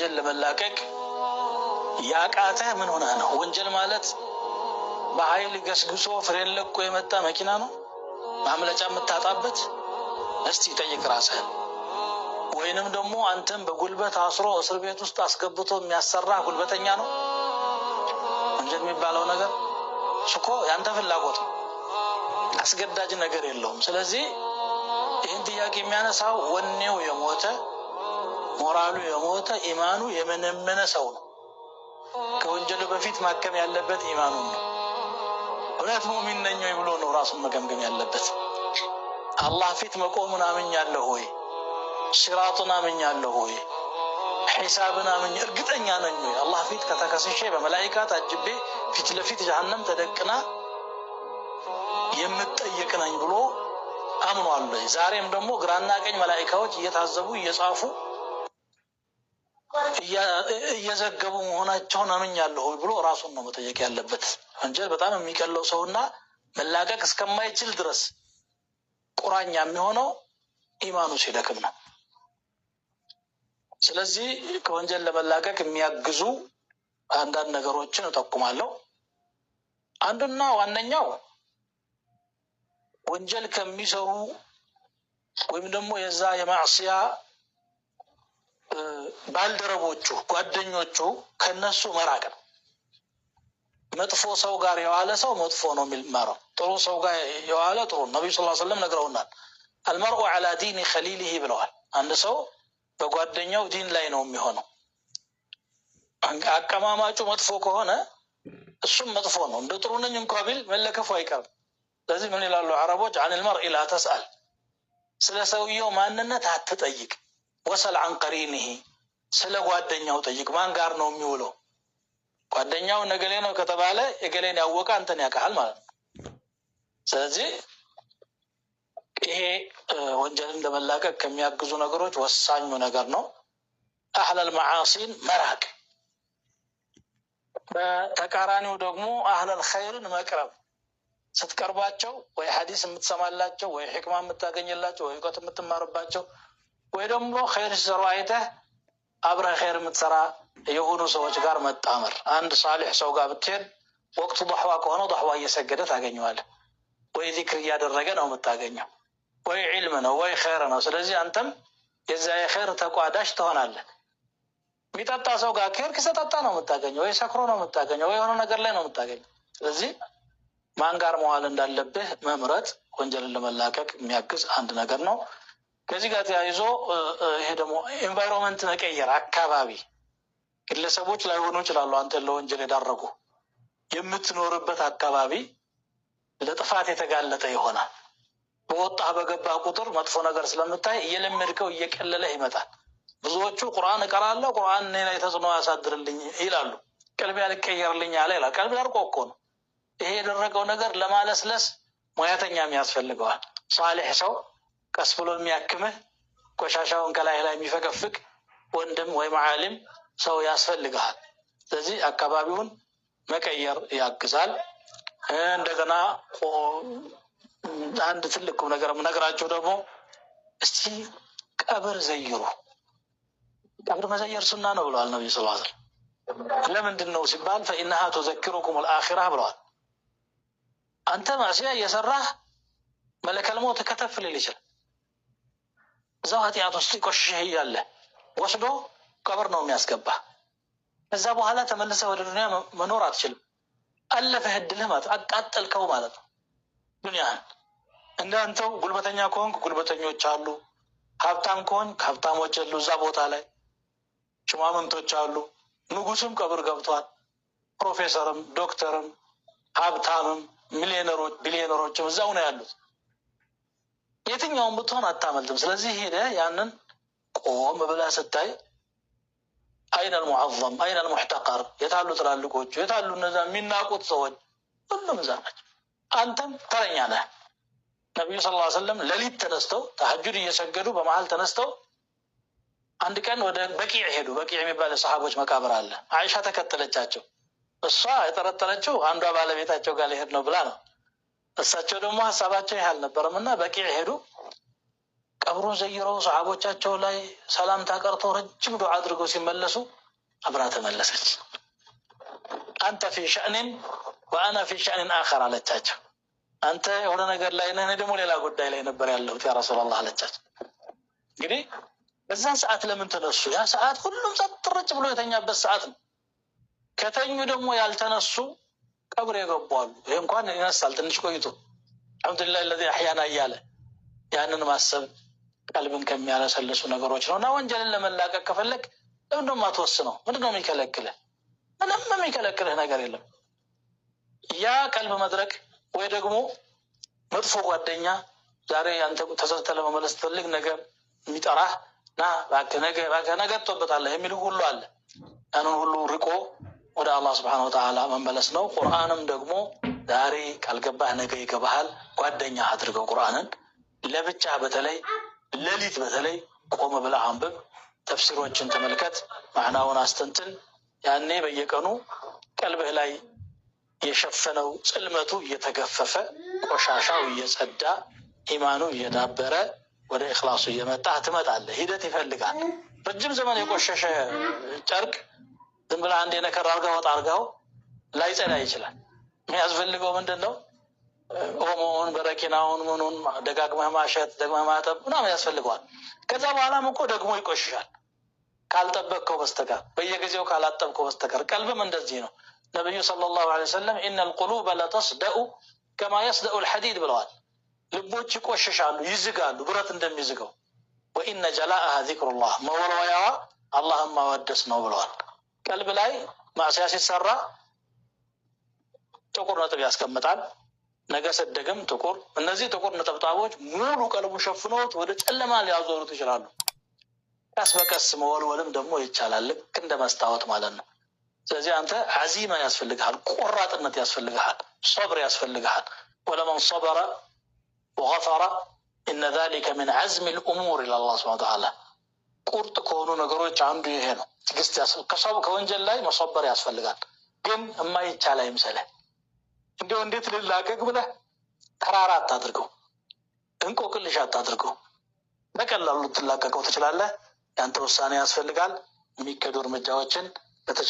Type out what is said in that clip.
ከወንጀል ለመላቀቅ ያቃተ ምን ሆነ ነው? ወንጀል ማለት በኃይል ገስግሶ ፍሬን ለቆ የመጣ መኪና ነው ማምለጫ የምታጣበት? እስቲ ጠይቅ ራስህን። ወይንም ደግሞ አንተም በጉልበት አስሮ እስር ቤት ውስጥ አስገብቶ የሚያሰራ ጉልበተኛ ነው ወንጀል የሚባለው ነገር። ስኮ ያንተ ፍላጎት ነው፣ አስገዳጅ ነገር የለውም። ስለዚህ ይህን ጥያቄ የሚያነሳው ወኔው የሞተ ሞራሉ የሞተ ኢማኑ የመነመነ ሰው ነው። ከወንጀሉ በፊት ማከም ያለበት ኢማኑ ነው። እውነት ሙእሚን ነኝ ወይ ብሎ ነው ራሱን መገምገም ያለበት። አላህ ፊት መቆሙን አምኛለሁ ወይ፣ ሲራጡን አምኛለሁ ወይ፣ ሒሳብን አምኝ እርግጠኛ ነኝ ወይ? አላህ ፊት ከተከስሼ በመላይካ ታጅቤ ፊት ለፊት ጀሃነም ተደቅና የምጠየቅ ነኝ ብሎ አምኗል ወይ? ዛሬም ደግሞ ግራና ቀኝ መላይካዎች እየታዘቡ እየጻፉ እየዘገቡ መሆናቸውን አምኛለሁ ብሎ ራሱን ነው መጠየቅ ያለበት። ወንጀል በጣም የሚቀለው ሰውና መላቀቅ እስከማይችል ድረስ ቁራኛ የሚሆነው ኢማኑ ሲደክም ነው። ስለዚህ ከወንጀል ለመላቀቅ የሚያግዙ አንዳንድ ነገሮችን እጠቁማለሁ። አንዱና ዋነኛው ወንጀል ከሚሰሩ ወይም ደግሞ የዛ የማዕስያ ባልደረቦቹ፣ ጓደኞቹ ከነሱ መራቅ ነው። መጥፎ ሰው ጋር የዋለ ሰው መጥፎ ነው የሚማረው፣ ጥሩ ሰው ጋር የዋለ ጥሩ። ነቢዩ ስ ስለም ነግረውናል። አልመርኡ ዐላ ዲኒ ከሊሊህ ብለዋል። አንድ ሰው በጓደኛው ዲን ላይ ነው የሚሆነው። አቀማማጩ መጥፎ ከሆነ እሱም መጥፎ ነው። እንደ ጥሩ ነኝ እንኳ ቢል መለከፉ አይቀርም። ስለዚህ ምን ይላሉ አረቦች? አን ላ ተስአል፣ ስለ ሰውየው ማንነት አትጠይቅ። ወሰል አንቀሪንህ ስለ ጓደኛው ጠይቅ። ማን ጋር ነው የሚውለው? ጓደኛው ነገሌ ነው ከተባለ የገሌን ያወቀ አንተን ያውቃል ማለት ነው። ስለዚህ ይሄ ወንጀልን ለመላቀቅ ከሚያግዙ ነገሮች ወሳኙ ነገር ነው። አህለል መዓሲን መራቅ፣ በተቃራኒው ደግሞ አህለል ኸይርን መቅረብ። ስትቀርባቸው ወይ ሐዲስ የምትሰማላቸው ወይ ሕክማ የምታገኝላቸው ወይ እውቀት የምትማርባቸው ወይ ደግሞ ኸይር ሲሰሩ አይተህ አብረህ ኸይር የምትሰራ የሆኑ ሰዎች ጋር መጣመር። አንድ ሳሊሕ ሰው ጋር ብትሄድ ወቅቱ ዷሕዋ ከሆነ ዳሕዋ እየሰገደ ታገኘዋለህ። ወይ ዚክር እያደረገ ነው የምታገኘው፣ ወይ ዒልም ነው፣ ወይ ኸይር ነው። ስለዚህ አንተም የዛ የኸይር ተቋዳሽ ትሆናለህ። የሚጠጣ ሰው ጋር ከሄድክ ሲጠጣ ነው የምታገኘው፣ ወይ ሰክሮ ነው የምታገኘው፣ ወይ የሆነ ነገር ላይ ነው የምታገኘው። ስለዚህ ማን ጋር መዋል እንዳለብህ መምረጥ ወንጀልን ለመላቀቅ የሚያግዝ አንድ ነገር ነው። ከዚህ ጋር ተያይዞ ይሄ ደግሞ ኤንቫይሮንመንት መቀየር አካባቢ ግለሰቦች ላይሆኑ ይችላሉ። አንተን ለወንጀል የዳረጉ የምትኖርበት አካባቢ ለጥፋት የተጋለጠ ይሆናል። በወጣ በገባ ቁጥር መጥፎ ነገር ስለምታይ እየለመድከው እየቀለለ ይመጣል። ብዙዎቹ ቁርአን እቀራለሁ ቁርአን እኔ ላይ ተጽዕኖ ያሳድርልኝ ይላሉ። ቀልብ ያልቀየርልኝ አለ ይላል። ቀልብ ደርቆ እኮ ነው። ይሄ የደረቀው ነገር ለማለስለስ ሙያተኛም ያስፈልገዋል። ሳሌሕ ሰው ቀስ ብሎ የሚያክምህ ቆሻሻውን ከላይ ላይ የሚፈገፍግ ወንድም ወይም ዓሊም ሰው ያስፈልግሃል። ስለዚህ አካባቢውን መቀየር ያግዛል። እንደገና አንድ ትልቅ ቁም ነገር የምነግራችሁ ደግሞ እስቲ ቀብር ዘይሩ። ቀብር መዘየር ሱና ነው ብለዋል ነቢዩ ስ ለምንድን ነው ሲባል ፈኢናሃ ቱዘኪሩኩም ልአኪራ ብለዋል። አንተ ማዕስያ እየሰራህ መለከል ሞት ከተፍ ሊል ይችላል እዛው ኃጢአት ውስጥ ቆሽሸህ እያለ ወስዶ ቀብር ነው የሚያስገባ። እዛ በኋላ ተመልሰ ወደ ዱኒያ መኖር አትችልም። አለፈህ እድልህ ማለት አቃጠልከው ማለት ነው ዱኒያህን። እንዳንተው ጉልበተኛ ከሆንክ ጉልበተኞች አሉ፣ ሀብታም ከሆንክ ሀብታሞች አሉ እዛ ቦታ ላይ፣ ሽማምንቶች አሉ። ንጉስም ቀብር ገብቷል፣ ፕሮፌሰርም፣ ዶክተርም፣ ሀብታምም፣ ሚሊዮነሮች ቢሊዮነሮችም እዛው ነው ያሉት። የትኛውን ብትሆን አታመልጥም። ስለዚህ ሄደ ያንን ቆም ብላ ስታይ አይነ ልሙዓዘም አይነ ልሙሕተቀር የታሉ ትላልቆቹ የታሉ እነዛ የሚናቁት ሰዎች ሁሉም እዛ አንተም ተረኛ ነህ። ነቢዩ ስ ሰለም ሌሊት ተነስተው ተሐጁድ እየሰገዱ በመሀል ተነስተው አንድ ቀን ወደ በቂዕ ሄዱ። በቂዕ የሚባል ሰሓቦች መቃብር አለ። አይሻ ተከተለቻቸው። እሷ የጠረጠረችው አንዷ ባለቤታቸው ጋር ሊሄድ ነው ብላ ነው። እሳቸው ደግሞ ሀሳባቸው ይህ አልነበረም እና በቂዕ ሄዱ። ቀብሩን ዘይረው ሰሓቦቻቸው ላይ ሰላምታ ቀርተው ረጅም ዱዓ አድርገው ሲመለሱ አብራ ተመለሰች። አንተ ፊ ሸእኒን ወአና ፊ ሸእኒን አኸር አለቻቸው። አንተ የሆነ ነገር ላይ ነህ፣ እኔ ደግሞ ሌላ ጉዳይ ላይ ነበር ያለሁት ያ ረሱላላህ አለቻቸው። እንግዲህ በዛን ሰዓት ለምን ተነሱ? ያ ሰዓት ሁሉም ጸጥ ረጭ ብሎ የተኛበት ሰዓት ነው። ከተኙ ደግሞ ያልተነሱ ቀብር የገቡ አሉ። ይህ እንኳን ይነሳል ትንሽ ቆይቶ አልሐምዱሊላህ ለዚ አሕያና እያለ ያንን ማሰብ ቀልብን ከሚያለሰልሱ ነገሮች ነው እና ወንጀልን ለመላቀቅ ከፈለግ ለምንድን ነው ምንድ ነው የሚከለክልህ? ምንም የሚከለክልህ ነገር የለም። ያ ቀልብ መድረቅ ወይ ደግሞ መጥፎ ጓደኛ ዛሬ አንተ ተሰጥተህ ለመመለስ ትፈልግ ነገር የሚጠራህ ና ነገ ነገ ቶበታለህ የሚል ሁሉ አለ። ያንን ሁሉ ርቆ ወደ አላህ ስብሐነ ወተዓላ መመለስ ነው። ቁርአንም ደግሞ ዛሬ ካልገባህ ነገ ይገባሃል ጓደኛ አድርገው ቁርአንን ለብቻ በተለይ ሌሊት በተለይ ቆም ብለህ አንብብ፣ ተፍሲሮችን ተመልከት፣ ማዕናውን አስተንትን። ያኔ በየቀኑ ቀልብህ ላይ የሸፈነው ጽልመቱ እየተገፈፈ ቆሻሻው እየጸዳ ኢማኑ እየዳበረ ወደ እክላሱ እየመጣ ትመጣለህ። ሂደት ይፈልጋል። ረጅም ዘመን የቆሸሸ ጨርቅ ዝም ብለህ አንድ ነከር አድርገህ ወጥ አድርገኸው ላይጸዳ ይችላል። የሚያስፈልገው ምንድን ነው? ኦሞውን በረኪናውን ምኑን ደጋግመህ ማሸት ደግመህ ማጠብ ምናምን ያስፈልገዋል። ከዛ በኋላም እኮ ደግሞ ይቆሽሻል ካልጠበቅከው በስተቀር በየጊዜው ካላጠብከው በስተቀር ቀልብም እንደዚህ ነው። ነቢዩ ሰለላሁ ዐለይሂ ወሰለም ኢነ ልቁሉበ ለተስደኡ ከማ የስደኡ ልሐዲድ ብለዋል። ልቦች ይቆሽሻሉ፣ ይዝጋሉ ብረት እንደሚዝገው። ወኢነ ጀላአሃ ዚክሩላህ መወልወያዋ አላህም ማወደስ ነው ብለዋል። ቀልብ ላይ ማዕስያ ሲሰራ ጥቁር ነጥብ ያስቀምጣል። ነገ ሰደግም ጥቁር። እነዚህ ጥቁር ነጠብጣቦች ሙሉ ቀልቡ ሸፍኖት ወደ ጨለማ ሊያዞሩት ይችላሉ። ቀስ በቀስ መወልወልም ደግሞ ይቻላል። ልክ እንደ መስታወት ማለት ነው። ስለዚህ አንተ አዚማ ያስፈልግሃል፣ ቆራጥነት ያስፈልግሃል፣ ሶብር ያስፈልግሃል። ወለመን ሶበረ ወገፈረ ኢነ ዛሊከ ምን ዐዝሚ ልእሙር ይላል አላህ ሱብሓነሁ ወተዓላ ቁርጥ ከሆኑ ነገሮች አንዱ ይሄ ነው። ትግስት ከሰው ከወንጀል ላይ መሰበር ያስፈልጋል። ግን የማይቻል አይምሰለ እንዲሁ እንዴት ልላቀቅ ብለ ተራራ አታድርገው፣ እንቆቅልሽ አታድርገው። በቀላሉ ልትላቀቀው ትችላለህ። ያንተ ውሳኔ ያስፈልጋል። የሚከዱ እርምጃዎችን በተቻ